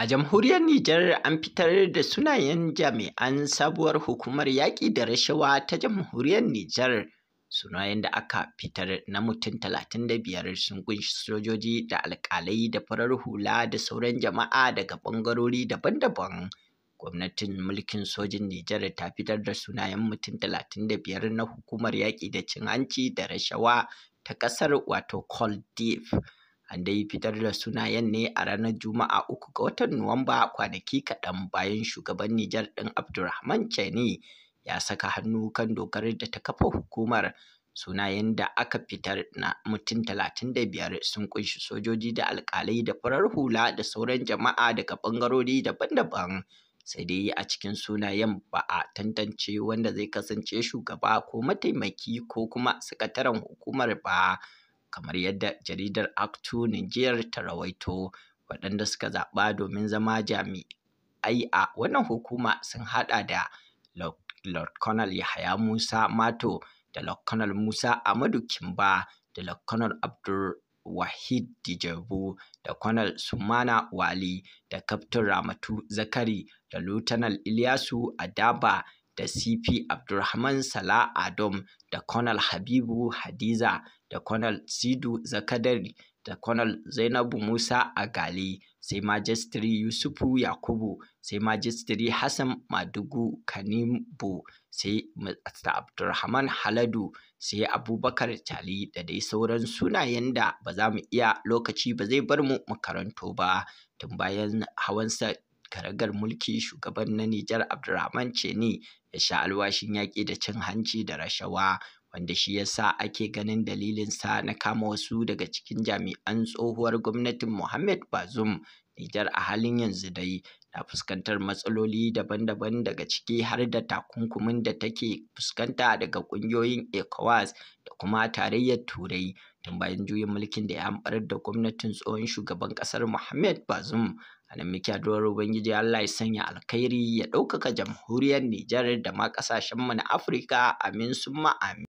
A jamhuriyar Nijar an fitar da sunayen jami'an sabuwar hukumar yaƙi da rashawa ta jamhuriyar Nijar. Sunayen da aka fitar na mutum 35 sun kunshi sojoji da alƙalai da farar hula da sauran jama'a daga ɓangarori daban-daban. Gwamnatin mulkin sojin Nijar ta fitar da sunayen mutum 35 na hukumar yaƙi da cin hanci da rashawa ta ƙasar wato An dai fitar da sunayen ne a ranar Juma'a uku ga watan Nuwamba kwanaki kaɗan bayan shugaban Nijar ɗin Abdulrahman Chani ya saka hannu kan dokar da ta kafa hukumar sunayen da aka fitar na mutum 35 sun kunshi sojoji da alkalai da farar hula da sauran jama'a daga bangarori daban-daban sai dai a cikin sunayen ba a tantance wanda zai kasance shugaba ko mataimaki ko kuma sakataren hukumar ba kamar yadda jaridar Actu Nigeria ta rawaito waɗanda suka zaɓa domin zama jami'ai a wannan hukuma sun haɗa da Lord Colonel Yahaya Musa Mato da Lord Colonel Musa Amadu Kimba da Lord Colonel Abdul Wahid Dijabu da Colonel Sumana Wali da Captain Ramatu Zakari da Lieutenant Ilyasu Adaba da CP abdulrahman Sala Adom da Conal Habibu Hadiza da Conal Sidu Zakadari da Conal Zainabu Musa Agali sai Majistri Yusufu Yakubu sai Majistri Hassan Madugu Kanimbo sai Mr. abdulrahman Haladu sai Abubakar Cali da dai sauran sunayen da ba za mu iya lokaci ba zai bar mu makaranto ba tun bayan hawansa karagar mulki shugaban na Nijar Abdurrahman Ceni ya sha alwashin yaƙi da cin hanci da rashawa wanda shi ya yasa ake ganin dalilinsa na kama wasu daga cikin jami'an tsohuwar gwamnatin Mohammed Bazoum Nijar a halin yanzu dai na fuskantar matsaloli daban-daban daga ciki har da takunkumin da take fuskanta daga ƙungiyoyin ECOWAS da kuma tarayyar Turai tun bayan juyin mulkin da ya hamɓarar da gwamnatin tsohon shugaban ƙasar Mohammed Bazoum a nan muke addu'ar Ubangiji Allah ya sanya alkhairi ya ɗaukaka jamhuriyar Nijar da ma ƙasashenmu na Afirka amin summa amin.